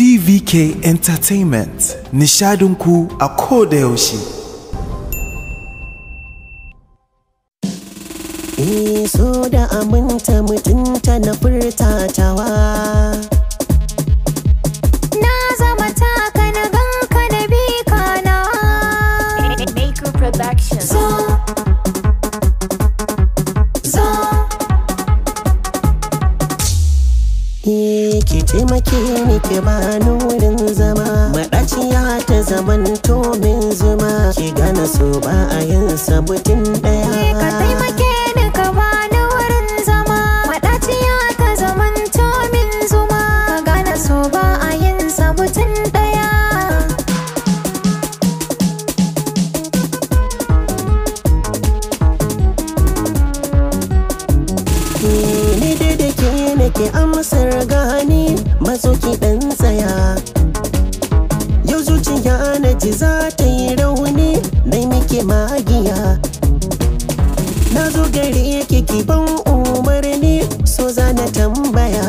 CVK Entertainment nishadinku a koda yaushe. Eh, so da aminta mutunta na furtatawa. miki ba nurin zama maɗaciya ta zaman min zuma ki gana so ba a yin sabutin ɗaya ka taimake ni ka ba nurin zama maɗaciya ta zaman min zuma ka gana so ba a yin sabutin ɗaya ne da ke nake amsar gani so ki dan tsaya yau zuciya na ji za ta yi rauni dai muke magiya na zo gari yake ki ban umarni so za na tambaya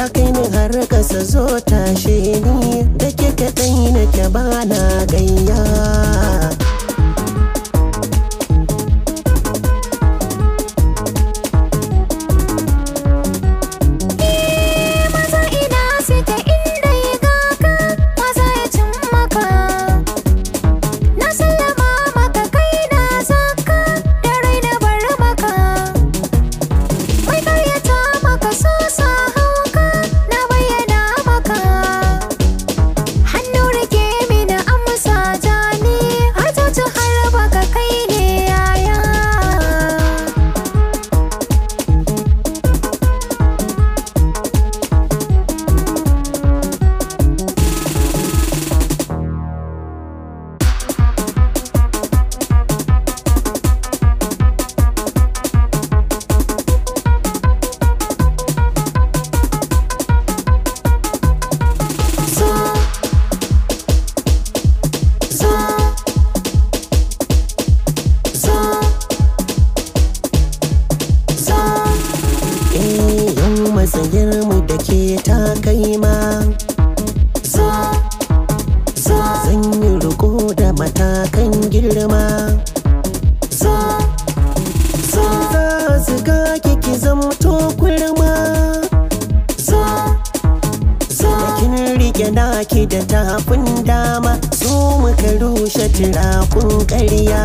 ya kai ni har kasa zo tashe ni da ke kaɗai na ke bana gayya masoyar mu da ke ta kai ma zan yi riko da matakan girma zo za su ga kiki zamto kurma zo rike naki da tafin dama so muka rushe turakun ƙarya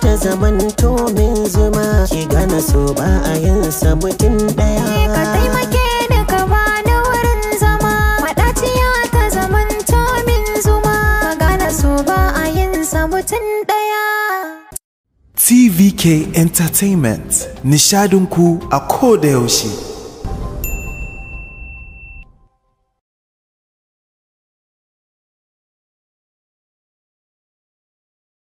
ta zamanto min zuma ki gana so ba a yin sabutin daya ka taimake ni ka ni wurin zama madaciya ta zamanto min zuma ka gana so ba a yin sabutin daya TVK Entertainment nishadinku a koda yaushe